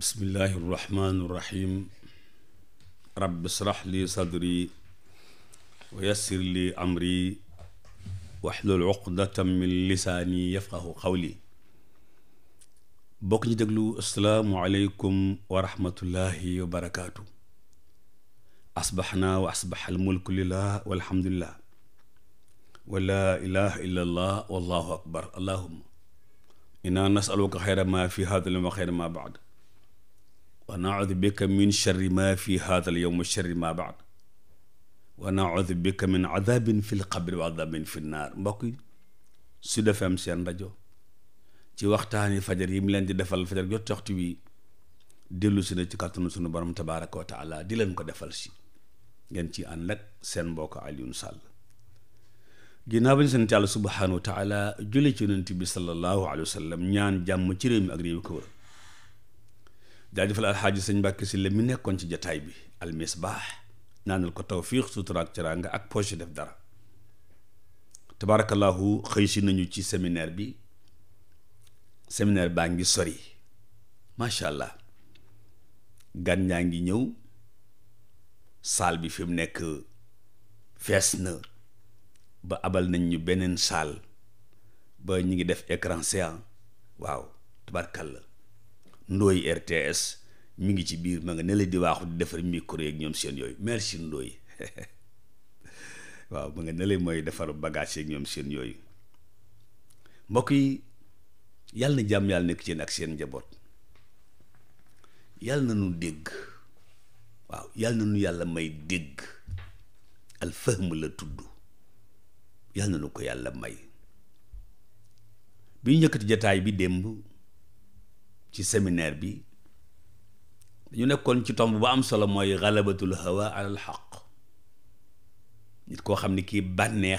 bismillahi irrahmani irrahim rabbi israh li sadri wa yassir li amri waxlul uqdatam min lisaani yafqahu qawli bokk ñi déglu asalaamu aleykum wa rahmatullahi wa barakaatu asbaxnaa wa asbax almulku lilah walhamdulillah wa laa ilaha illa allah wallahu akbar allahuma inna nasaluka xayra ma fi hada wa xayra ma baad wa naudu bika min sharri ma fi haadal yowm wa sharri ma baad wa naudu bika min adabin fi lqabri wa adabin fi naar mbokk yi Sud FM seen rajo ci waxtaani fajar yi mu leen di defal fajar jot waxtu wi dellu si na ci kàttanu sunu borom tabaaraka wa taala di leen ko defal si ngeen ci ànd ak seen mbokk Alioune Sall ginnaaw ba ñu sant yàlla subhaanahu wa taala julli ci yonent bi sallallahu alayhi wa sallam ñaan jàmm ci réew mi ak réew ko wër daal di alxaaji sëñ Mbàkke si la mu nekkoon ci jataay bi almisbaax naanal ko tawfiix sutura ak teraanga ak poche def dara tabaarakallaahu xëy si nañu ci séminaire bi seminaire baa ngi sori macha allah gan ñaa ngi ñëw saal bi fi mu nekk fees na ba abal nañ ñu beneen saal ba ñu ngi def écran géant waaw tabarkal la ndooy RTS mu ngi ci biir ma nga ne di waaxu di defar micro yeeg ñoom seen yooyu merci ndooy waaw ma nga ne mooy defar bagage yeeg ñoom seen yooyu mbokk yi yàlla na jàmm yàlla nekk ci ak seen njaboot yàlla na nu dégg waaw yàlla na nu yàlla may dégg alfahm la tudd yàlla na nu ko yàlla may bi ñu yëkkati jataay bi démb ci séminaire bi dañu nekkoon ci tomb bu am solo mooy xalabatul hawa alal xaq nit koo xam ne kii bànnee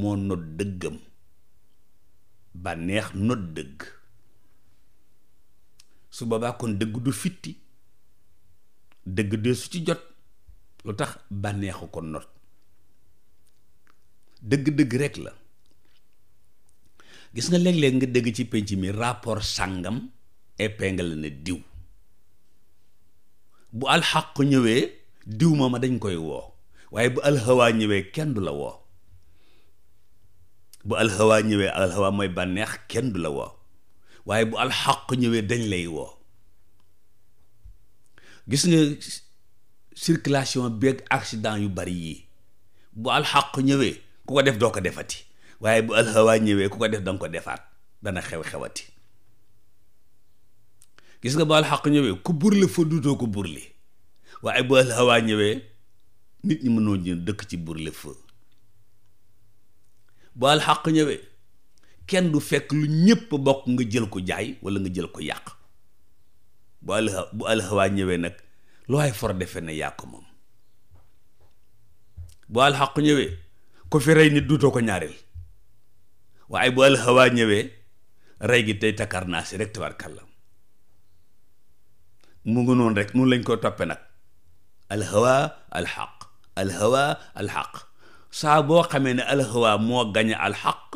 moo not dëggam bànneex not dëgg su boobaa kon dëgg du fitti dëgg de su ci jot lu tax bànneexu ko not dëgg-dëgg rek la gis nga léeg-léeg nga dégg ci penc mi rapport sàngam épingle na diw bu alxaq ñëwee diw ma ma dañ koy woo waaye bu alxawaa ñëwee kenn du la woo bu alxawaa ñëwee alxawaa bànneex kenn du la woo waaye bu alxaq ñëwee dañ lay woo gis nga circulation beeg accident yu bari yi bu alxaq ñëwee ku ko def doo ko defati waaye bu alxawaa ñëwee ku ko def danga ko defaat dana xew xewati gis nga bu alxaq ñëwee ku burli fa duutoo ko burli waaye bu alxawaa ñëwee nit ñi mënoo ñu dëkk ci burli fa bu alxaq ñëwee kenn du fekk lu ñépp bokk nga jël ko jaay wala nga jël ko yàq bu alxa bu alxawaa ñëwee nag lu waay for defe na yàq moom bu alxaq ñëwee ko fi rey nit duutoo ko ñaareel waaye bu alxawaa ñëwee rey gi day takkar naa si rek tabarkalla mu ngi noonu rek noonu lañ ko toppe nag alxawa alxaq alxawa saa boo xamee ne alxawa moo gañe alxaq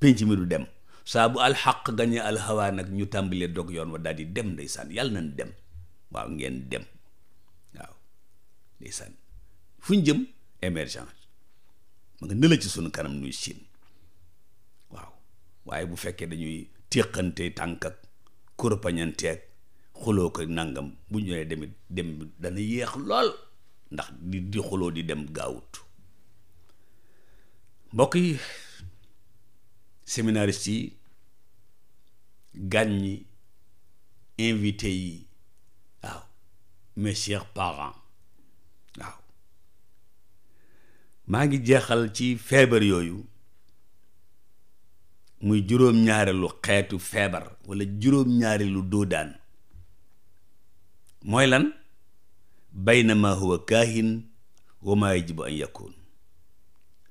pénc mi du dem saa bu alxaq gañe alxawa nag ñu tàmbilee doog yoon wa daal di dem ndeysaan yàlla nañ dem waaw ngeen dem waaw ndeysaan fu ñu jëm émergence ma nga nëla ci sunu kanam nuy siin waaye bu fekkee dañuy téqante tànk ak kurpañanteeg xuloo ko nangam bu ñu nee demit dem dana yéex lool ndax di di xuloo di dem gaawut mbokk yi séminariste yi gan invité yi waaw mes parents waaw maa ngi jeexal ci feebar yooyu muy juróom-ñaareelu xeetu feebar walla juróom lu doodaan mooy lan baynama huwa kaahin wa maa yajibu an yakun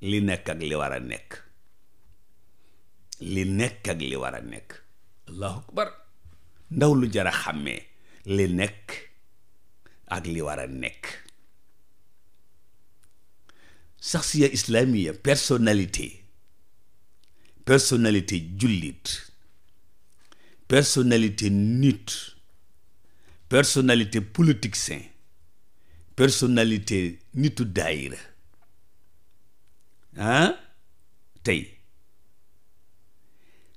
li nekk ak li war a nekk li nekk ak li war a nekk allahu ndaw lu jar a xàmmee li nekk ak li war a nekk saxsiya islamiya personnalité personnalité jullit personnalité nit personalité politicien personnalité nitu daayira ah tey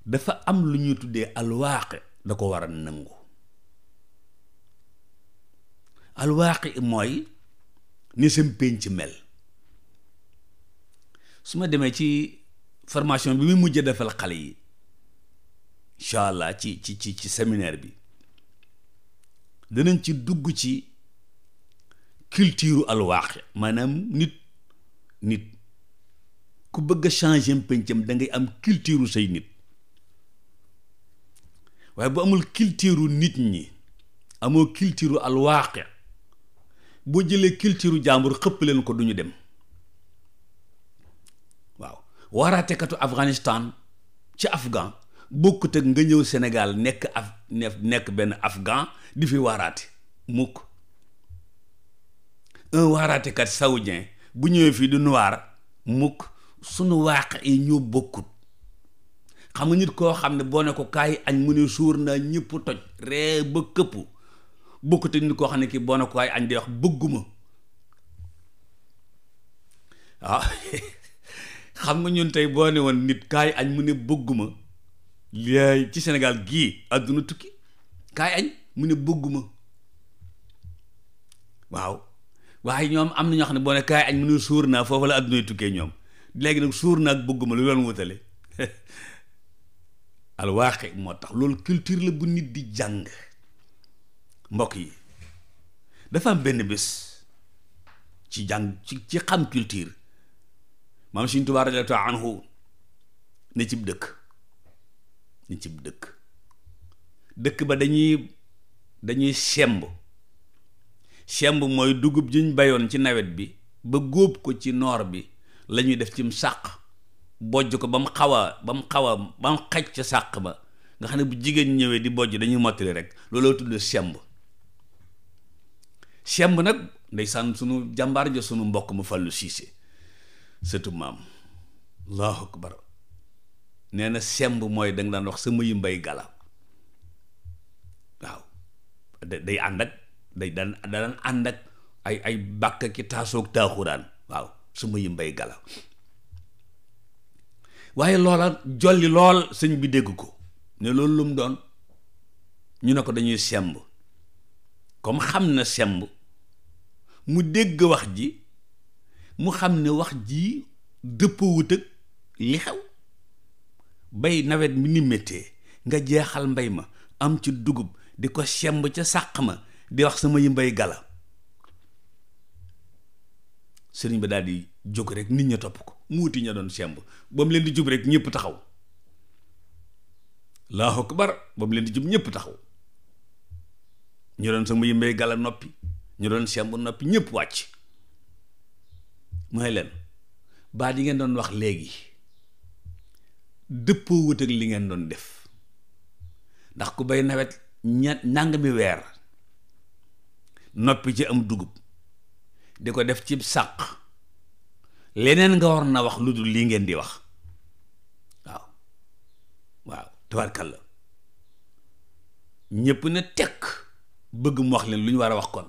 dafa am lu ñuy tuddee alwaaqe da ko war a nangu alwaaqe mooy ni sam pénc mel su ma demee ci formation bi muy mujjee defal xale yi incha allah ci ci ci ci séminaire bi danañ ci dugg ci culture alwaaxe maanaam nit nit ku bëgg a changer dangay am culture say nit waaye bu amul culture nit ñi amoo culture alwaaxe boo jëlee culture jàmbur xëpp leen ko duñu dem waaraatekatu Afghanistan ci afghan bokkut ak nga ñëw Sénégal nekk af nekk benn afghan di fi waaraate mukk un waaraatekat saoudien bu ñëwee fii du noir mukk sunu waax yi ñoo bokkut xam nga nit koo xam ne boo ne ko kaay añ mu ne suur naa ñëpp toj ree ba këpp bokkut ak nit koo xam ne kii boo ne ko kaay añ di wax bëgguma waaw ah. xam nga ñun tey boo ne woon nit kaay añ mu ne bëgguma lay ci senegal gii àdduna tukki kaay añ mu ne bëgguma waaw waaye ñoom am na ñoo xam ne boo ne kaay añ mu ne suur naa foofu la àdduna tukkee ñoom léegi nag suur naa ak bëgguma lu loon wutale alwaaqi moo tax loolu culture la bu nit di jàng mbokk yi dafa am benn bés ci jàng ci ci xam culture maam Sëriñ Tuubaa radiyallaahu anhu ne cib dëkk ci cib dëkk dëkk ba dañuy dañuy semb semb mooy dugub ji bayoon ci nawet bi ba góob ko ci noor bi lañuy def cim sàq bojj ko ba mu xaw a ba mu xaj ca sàq ba nga xam ne bu jigéen ñëwee di bojj dañuy mottali rek looloo tudd semb semb nag ndeysaan sunu jàmbaar ja sunu mbokk mu fàllu siise sëtu maam allahu akbar nee na semb mooy danga daan wax sama yu mbay gala waaw day ànd ak day daan daan ànd ak ay ay bàkk ki taasoog taaxuraan waaw sama yu mbay gala waaye loola jolli lool sëñ bi dégg ko ne loolu lu mu doon ñu ne ko dañuy semb comme xam na semb mu dégg wax ji mu xam ne wax ji dëppoowut ak li xew bay nawet mi ni mettee nga jeexal mbay ma am ci dugub di ko semb ca sàq ma di wax sama yimbay gala sëriñ ba daal di jóg rek nit ña topp ko mu wuti ña doon semb ba leen di jub rek ñépp taxaw allahu akbar ba mu leen di jub ñëpp taxaw ñu doon sama yimbay gala noppi ñu doon semb noppi ñëpp wàcc mooy leen baa di ngeen doon wax léegi dëppoo wut ak li ngeen doon def ndax ku bay nawet ña mi weer noppi ci am dugub di ko def ci sàq leneen nga war na wax lu dul lii ngeen di wax waaw waaw tabarkalla ñépp na tekk bëgg mu wax leen lu ñu war a wax kon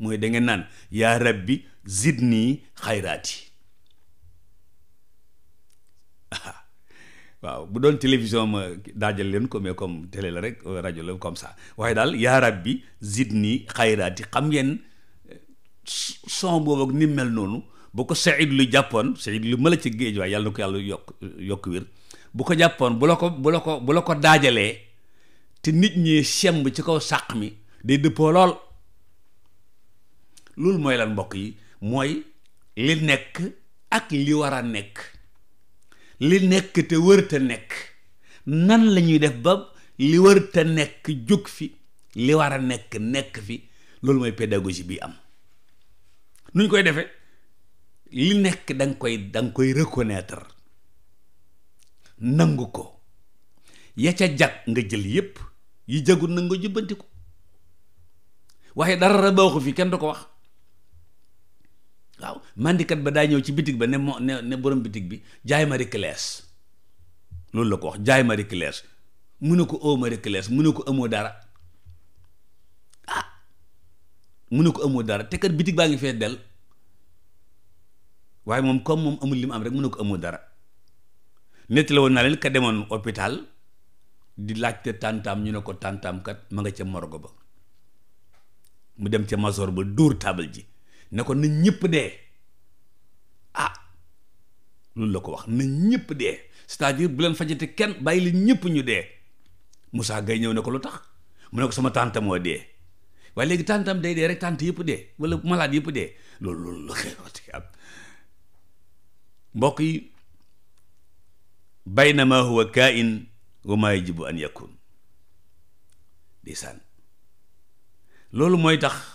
mooy da naan yaa rabbi zidni xayraati waaw bu doon télévision ma daajal leen ko comme télé la rek rajo la comme sax waaye daal yaa rabbi zidni xayraati xam ngeen son boobu ak mel noonu bu ko Saïd lu jàppoon Saïd lu mala ci géej waaye yàlla na ko yàlla yokk yokk wér bu ko jàppoon bu la ko bu la ko bu daajalee te nit ñi semb ci kaw sàq mi day dëppoo lool loolu mooy lan mbokk yi mooy li nekk ak li war a nekk li nekk te wërta nekk nan lañuy def ba li wërta nekk jóg fi li war a nekk nekk fi loolu mooy pédagogie bi am nuñ koy defe li nekk danga koy danga koy reconnaître nangu ko ya ca jag nga jël yépp yi jagul na nga jubbanti ko waaye dara baaxu fi kenn du ko wax waaw mandikat ba daay ñëw ci bitig ba ne moo ne ne borom bitig bi jaay ma riclees loolu la ko wax jaay ma riclees mu ne ko oo ma riclees mu ko amoo dara ah mu ne ko amoo dara te kat bitig baa ngi fee del waaye moom comme moom amul li am rek mu ne ko amoo dara nettali woon naa leen ka demoon hôpital di laajte tàntaam ñu ne ko tàntaam kat ma nga ca morgo ba mu dem ca masoor ba dóor taabal ji ne ko na ñëpp dee ah loolu la ko wax na ñëpp dee cest à bu leen fajati kenn bàyyi leen ñëpp ñu dee Moussa gay ñëw ne ko lu tax mu ne ko sama tante moo dee waaye léegi tantam day dee rek tante yëpp dee wala malade yëpp dee loolu loolu la xeewati am mbokk yi baynama huwa kain wa ma yajibu an yakun di loolu mooy tax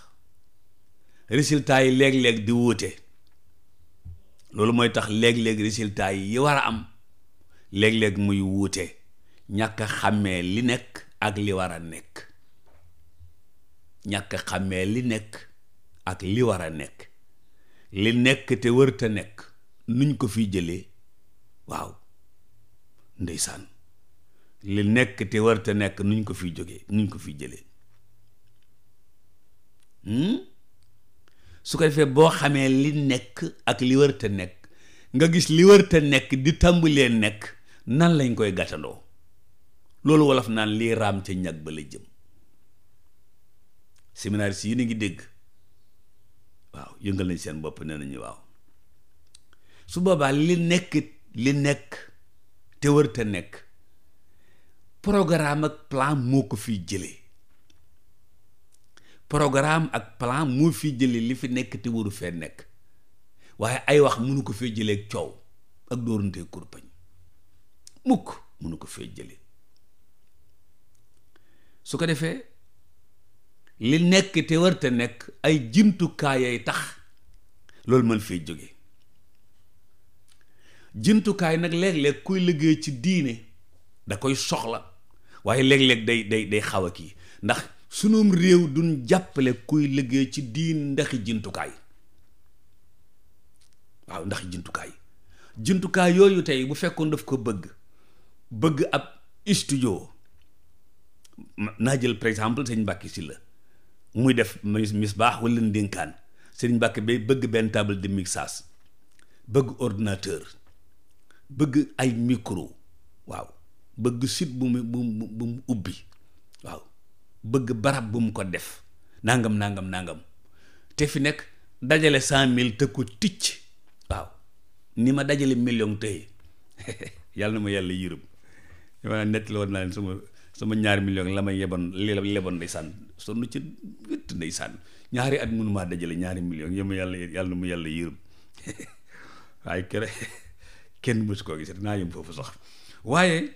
résultat yi léeg di wuute loolu mooy tax léeg-léeg résultat yi war a am léeg-léeg muy wuute ñàkk xàmmee li nekk ak li war a nekk ñàkk a xàmmee li nekk ak li war a nekk li nekk te wërta nekk nuñ ko fi jëlee waaw ndeysaan li nekk te wërta nekk nuñ ko fi jóge nuñ ko fi jëlee hmm? su ko defee boo xamee li nekk ak li wër nekk nga gis li wër te nekk di tàmbalee nekk nan lañ koy gàttandoo loolu wolof naan lii raam ca ñag ba la jëm séminaire si yi ni ngi dégg waaw yëngal nañ seen bopp nee nañu waaw su boobaa li nekk li nekk te wër nekk programme ak plan moo ko fi jëlee programme ak plan moo fi jële li fi nekk te waru fee nekk waaye ay wax munu ko fee jëlee ak coow ak dóorante kurpañ mukk munu ko fee jële su ko defee li nekk te war te nekk ay jumtukaayay tax loolu mën fee jóge jumtukaay nag léeg-léeg kuy liggéey ci diine da koy soxla waaye léeg-léeg day day day xaw a kii ndax sunum réew duñ jàppale kuy liggéey ci diin ndaxi jintukaay waaw ndax jintukaay jintukaay yooyu tey bu fekkoon daf ko bëgg bëgg ab studio naa jël par exemple sëñ Mbàkke si la muy def mis baax wala ndénkaan seen Mbàkke bëgg benn table de mixage bëgg ordinateur bëgg ay micro waaw bëgg site bu mu bu mu ubbi waaw bëgg barab bu mu ko def nangam nangam nangam te fi nekk dajale cent mille te ko ticc waaw ni ma dajale million tey yàlla ma yàlla yërëm dama nett la naa sama sama ñaari million la ma yeboon li leboon ndeysaan sonn ci wétt ndeysaan ñaari at mënumaa dajale ñaari million yé ma yàlla yàlla mu yàlla yërëm waaye kere yëm foofu sax waaye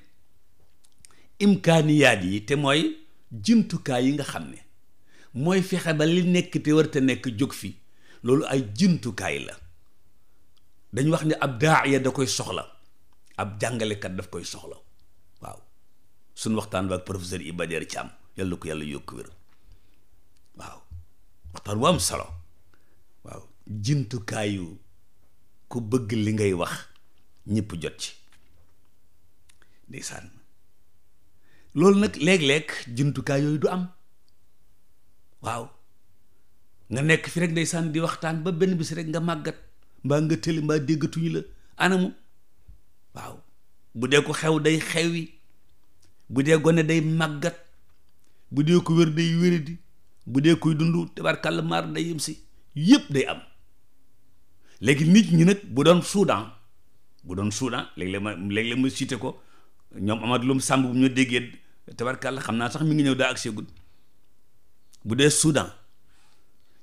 imkaaniyaat yi te mooy jumtukaay yi nga xam ne mooy fexe ba li nekk te war te nekk jóg fi loolu ay jumtukaay la dañ wax ni ab daaya da koy soxla ab jàngalekat daf koy soxla waaw suñ waxtaan ba ak professeur Iba Der am yàlla ko yàlla yokk wér waaw waxtaan wu am solo waaw jumtukaayu ku bëgg li ngay wax ñëpp jot ci ndeysaan loolu nag léeg-léeg jumtukaay yooyu du am waaw nga nekk fi rek day ndeysaan di waxtaan ba benn bi si rek nga màggat mbaa nga tëli mbaa déggatuñu la anamu waaw bu dee ko xew day xewi bu dee gone day màggat bu dee ko wér day wéradi bu dee koy dund tabarkàlla maar day yem si yëpp day am léegi nit ñi nag bu doon Soudan bu doon Soudan léeg-léeg ma léeg-léeg ma cité ko ñoom Amadou Loum Samb bu ñu déggee tabarkàlla xam naa tax mi ngi ñëw daa ak seegul bu dee Soudan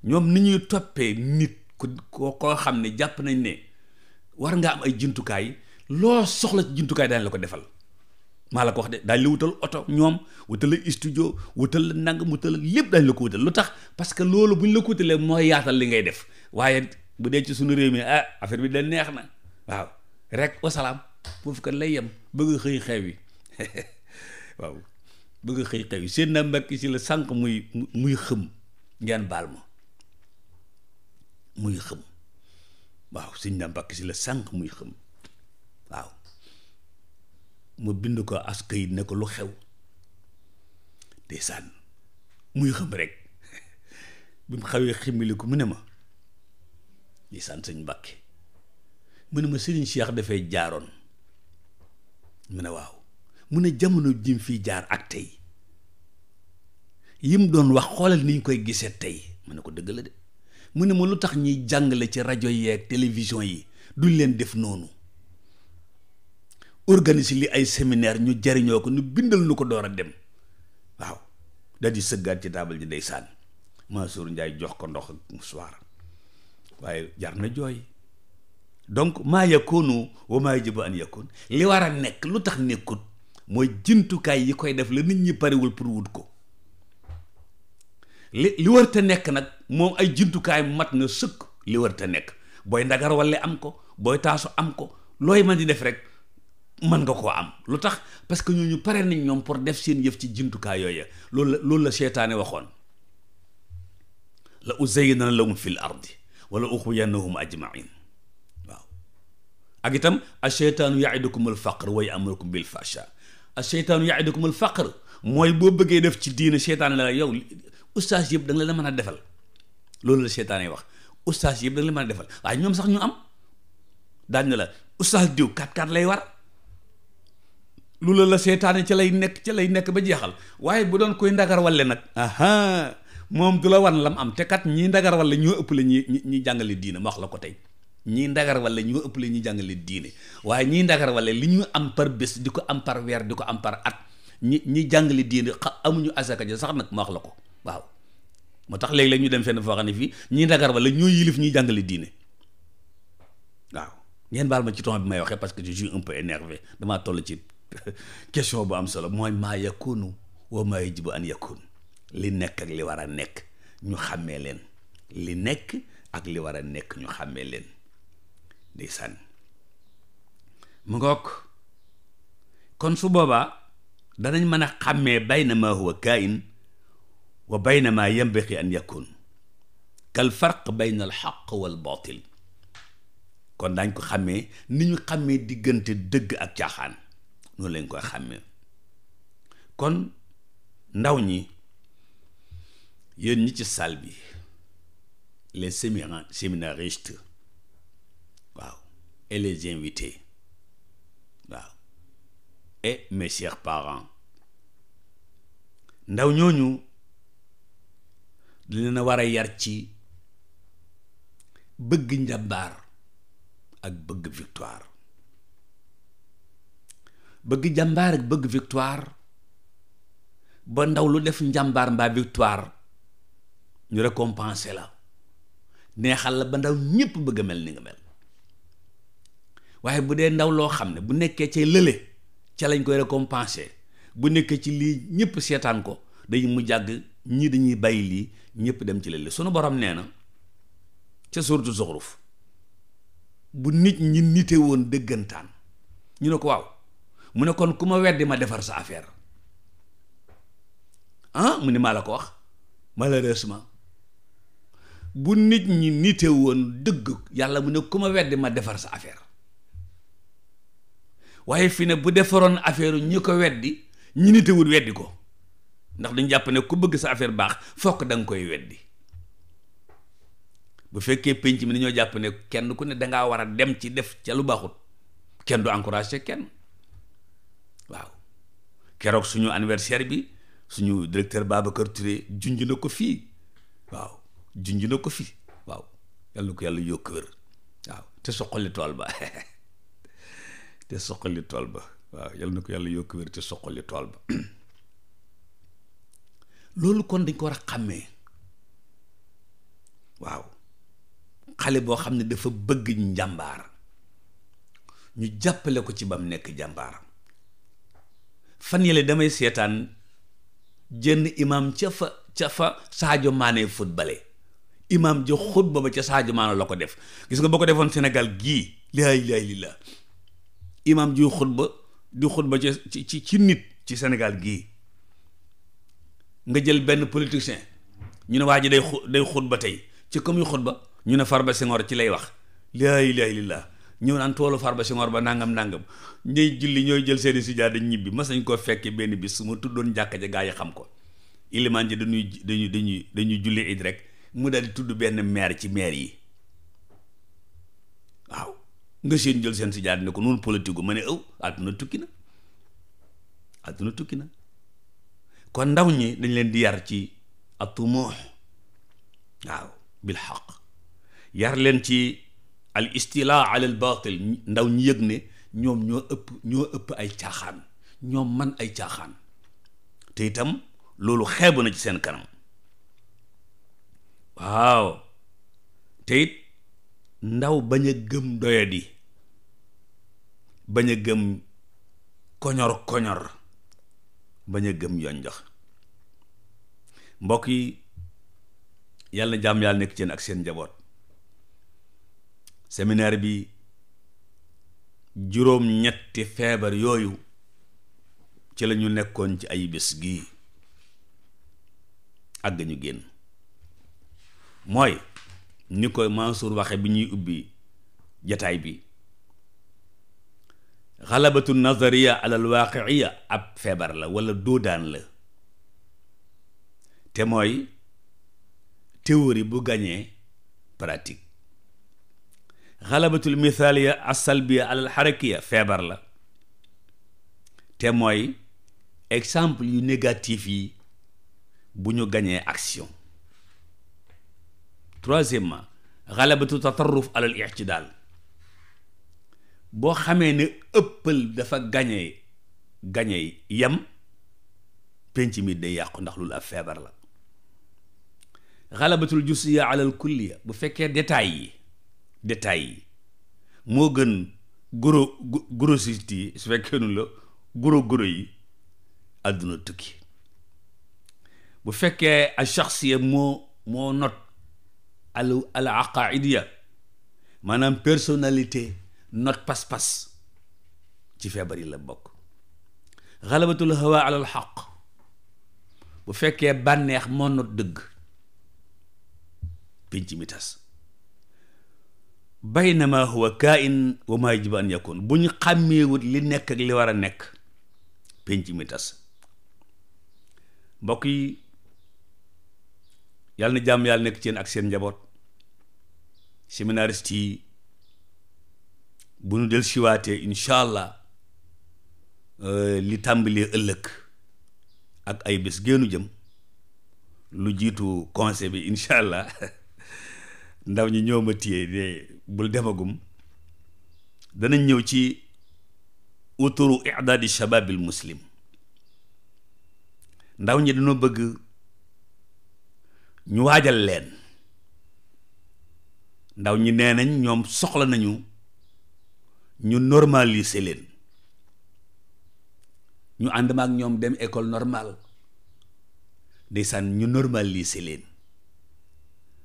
ñoom ni ñuy toppee nit ku ko koo xam ne jàpp nañ ne war nga am ay jumtukaay loo soxla ci jumtukaay daañu la ko defal maa la ko wax de daañu la wutal oto ñoom wutal la studio wutal la nangam wutal la lépp daañu la ko wutal lu tax parce que loolu bu ñu la ko wutalee mooy yaatal li ngay def waaye bu dee ci suñu réew mi ah affaire bi da neex na waaw rek wasalaam foofu kat lay yem. bëgg xëy xew yi waaw bëgg xëy xew seen na mbekk si la sànq muy muy xëm ngeen baal ma muy xëm waaw sëñ na mbakk si la sànq muy xëm waaw mu bind ko aska këyit ne ko lu xew ndeysaan muy xëm rek bi mu xawee ximili mu ne ma ndeysaan sëñ mbàkke mu ne ma sëriñ Cheikh dafay jaaroon mu ne waaw mu ne jamono jim fii jaar ak tey yim doon wax xoolal ni ñu koy gisee tey mu ne ko dëgg la de mu ne ma lu tax ñuy jàngale ci rajo yeeg télévision yi duñ leen def noonu organiser li ay séminaire ñu jariñoo ko nu bindal nu ko door a dem waaw daal di sëggaat ci taabal ji dey ndeysaan Mansour Ndiaye jox ko ndox ak soir waaye jar na jooy donc maa yakunu wa maa yajibu an yakun li war a nekk lu tax nekkut mooy jëntukaay yi koy def la nit ñi parewul pour wut ko li li war nekk nag moom ay jëntukaay mat na sëkk li war te nekk booy ndagar walla am ko booy taasu am ko looy man di def rek mën nga koo am lu tax parce que ñooñu pare nañ ñoom pour def seen yëf ci jëntukaay yooya loolu la loolu la seytaane waxoon la uzayyinanna lahum fil ardi wala uxrijannahum ajmain ak itam ko am asheytaanu yaidukumul faqr wa yamurukum bil fasha ko yaidukumul faqr mooy boo bëggee def ci diine seytaane la yow ustaas yëpp da nga leen mën a defal loolu la seytaane wax ustaas yëpp da nga leen mën a defal waaye ñoom sax ñu am daañu la ustaas diw kat kat lay war loolu la seytaane ca lay nekk ca lay nekk ba jeexal waaye bu doon koy ndagar walle nag aha moom du la wan lam am te kat ñii ndagar walle ñoo ëpp la ñi ñi jàngale diine wax la ko tey ñii ndagar wala ñoo ëpp la ñuy jàngale diine waaye ñii ndagar wala li ñu am par bés di ko am par weer di ko am par at ñi ñi jàngale diine xa amuñu asaka ja sax nag ma wax la ko waaw moo tax léeg-léeg ñu dem fenn foo xam ne fii ñii ndagar wala ñoo yilif ñuy jàngale diine waaw ngeen baal ma ci ton bi may waxee parce que je suis un peu énervé damaa toll ci question bu am solo mooy maa yakunu wa maa yajibu an yakun li nekk ak li war a nekk ñu xàmmee leen li nekk ak li war nekk ñu xàmmee leen ndeysaan mu ngook kon su boobaa danañ mën a xàmmee bayna ma huwa kain wa bayna ma yambaqi an yakun kal farq bayna al xaq wal batil kon daañ ko xàmmee ni ñu xàmmee diggante dëgg ak caaxaan noonu lañ koy xàmmee kon ndaw ñi yéen ñi ci salle bi les séminaires séminaristes e les invités waaw et mes parents ndaw ñooñu dañ leen war a yar ci bëgg njàmbaar ak bëgg victoire bëgg njàmbaar ak bëgg victoire ba ndaw lu def njàmbaar mbaa victoire ñu récompenser la neexal la ba ndaw ñépp bëgg mel ni nga mel waaye bu dee ndaw loo xam ne bu nekkee ci lële ca lañ koy récompenser bu nekkee ci lii ñëpp seetaan ko dañ mu jàgg ñii dañuy bàyyi lii ñëpp dem ci lële sunu borom nee na ca suuratu Zuxruf bu nit ñi nite woon dëggantaan ñu ne ko waaw mu ne kon ku ma weddi ma defar sa affaire ah mu ne maa la ko wax malheureusement bu nit ñi nite woon dëgg yàlla mu ne ku ma weddi ma defar sa affaire waaye fi ne bu defaroon affaire ñi ko weddi ñi nitewul weddi ko ndax dañ jàpp ne ku bëgg sa affaire baax fokk danga nga koy weddi bu fekkee penc mi dañoo jàpp ne kenn ku ne dangaa war a dem ci def ca lu baaxut kenn du encouragé kenn waaw keroog suñu anniversaire bi suñu directeur Babacar Touré junju na ko fii waaw junj na ko fii waaw yàlla na ko yàlla yokk wér waaw te soqali tool ba te soqali tool ba waaw yal na ko yàlla yokk wér te soqali tool ba loolu kon dañ ko war a xàmmee waaw xale boo xam ne dafa bëgg njàmbaar ñu jàppale ko ci bam nekk jàmbaar fan yële damay seetaan jënn imam ca fa ca fa Sadio Mané footballé imam ja xutba ba ca saajo Mané la ko def gis nga boo ko defoon senegal gii laa ilaaha illallaah imaam ji xutba di xutba ci ci ci nit ci Sénégal gii nga jël benn politicien ñu ne waa ji day xu day xutba tey ci comme yu xutba ñu ne far ba Senghor ci lay wax laa ilaaha illallaah ñëw naan toolu Farba Senghor ba nangam nangam ñooy julli ñooy jël seeni sijaada dañ ñibbi mas nañ koo fekkee benn bi suma ma tuddoon jàkka ja gaa yi xam ko ilimaan ji dañuy dañuy dañuy dañuy julli it rek mu daal tudd benn maire ci maire yi waaw nga seen jël seen si jaar ne ko noonu politique ma ne ëw àdduna tukki na àdduna tukki na kon ndaw ñi dañ leen di yar ci atumuux waaw bil xaq yar leen ci al istilaa ala al baatil ndaw ñi yëg ne ñoom ñoo ëpp ñoo ëpp ay caaxaan ñoom man ay caaxaan te loolu xeebu na ci seen kanam waaw te ndaw bañ a gëm doyadi bañ a gëm koñor koñor bañ a gëm yonjox mbokk yi yàlla na jàmm yàlla nekk ci yéen ak seen njaboot séminaire bi juróom ñetti feebar yooyu ci lañu nekkoon ci ay bés gi àgg ñu génn mooy ni koy Mansour waxe bi ñuy ubbi jataay bi xalabatu nazariya alal waaqiiya ab feebar la walla doodaan la te mooy théorie bu gañee pratique xalabatul mithaaliya asalbiya alal xarakiya feebar la te mooy exemple yu négatif yi bu ñu gañee action troisièmement xalabatu tatarruf alal ictidaal boo xamee ne ëppal dafa gañe gañee yem penc mi day yàqu ndax loolu ab feebar la xalabatul jusiya alal kulliya bu fekkee détails yi détails yi moo gën goro grossiste yi su fekkee nu la goro goro yi àdduna tukki bu fekkee a shaxsiya moo moo not al al aqaidia maanaam personnalité not pas-pas ci feebar yi la bokk xalabatul hawa alal xaq bu fekkee bànneex moo not dëgg pinc mi tas baynama huwa kain wa ma yajibu an bu ñu xàmmeewut li nekk ak li war a nekk penc mi tas mbokk yi yàlla na jàmm yàlla nekk ci yéen ak seen njaboot séminariste yi bu ñu del siwaatee incha allah euh, li tàmbalee ëllëg ak ay bés génnu jëm lu jiitu conseil bi incha allah ndaw ñi ñoo ma téye de bul demagum danañ ñëw ci uturu idaadi shababil muslim ndaw ñi dañoo bëgg ñu waajal leen ndaw ñi nee nañ ñoom soxla nañu ñu normaliser leen ñu ànd ma ak ñoom dem école normal normale ndeysaan ñu normal normaliser leen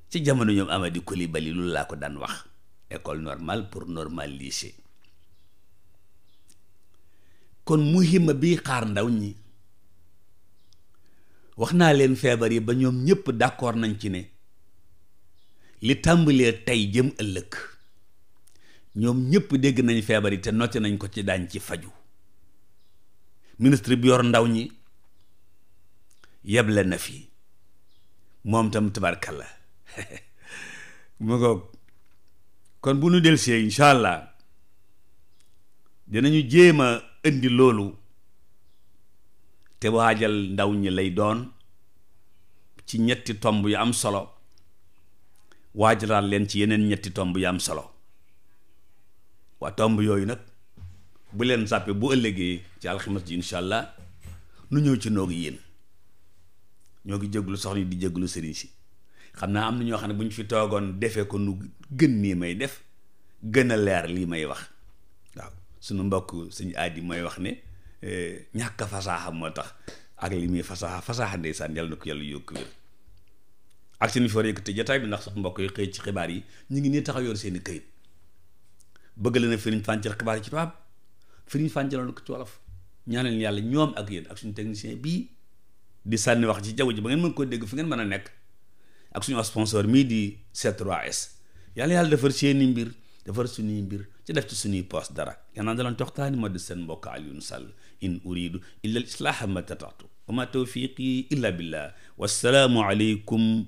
ci jamono ñoom Amadi Coulibaly loolu laa ko daan wax école normal pour normaliser kon muhimma bi xaar ndaw ñi wax naa leen feebar yi ba ñoom ñëpp d'accord nañ ci ne li tàmbalee tey jëm ëllëg ñoom ñëpp dégg nañ feebar yi te noté nañ ko ci daañ ci faju ministre bi ndaw ñi yeble na fi moom tam la mu ngoog kon bu nu delsee incha allah dinañu jéem a indi loolu te waajal ndaw ñi lay doon ci ñetti tomb yu am solo waa waajalaat leen ci yeneen ñetti tomb yu am solo waa tomb yooyu nag bu leen sàppe bu ëllëgee ci alxames ji incha allah nu ñëw ci noog yéen ñoo ngi jéglu soxna yi di jéglu sëriñ si xam naa am na ñoo xam ne bu ñu fi toogoon defee ko nu gën nii may def gën a leer lii may wax waaw suñu mbokk suñu aadi mooy wax ne eh, ñàkk fasaaxa moo tax ak li muy fasaaxa fasaaxa ndeysaan yàlla na ko yàlla yokk wér ak bi ndax sax mbokk yi xëy ci xibaar yi ñu ngi nii taxaw i këyit bëgg la na firiñ fàncal xibaar yi ci tubaab firiñ fàncaloon ko ak yéen ak suñu technicien bii di sànni wax ci jaww ji ba ngeen mën koo dégg fi ngeen mën a nekk ak suñu sponsor mii di C3S yàlla yàlla defar seeni mbir defar suñuy mbir ci def ci suñuy post dara yanaan dalan toxtaani ma di seen mbokk Alioune Sall in uridu illa al islaaha ma tataatu wa ma tawfiqi illa billah wassalaamu aleykum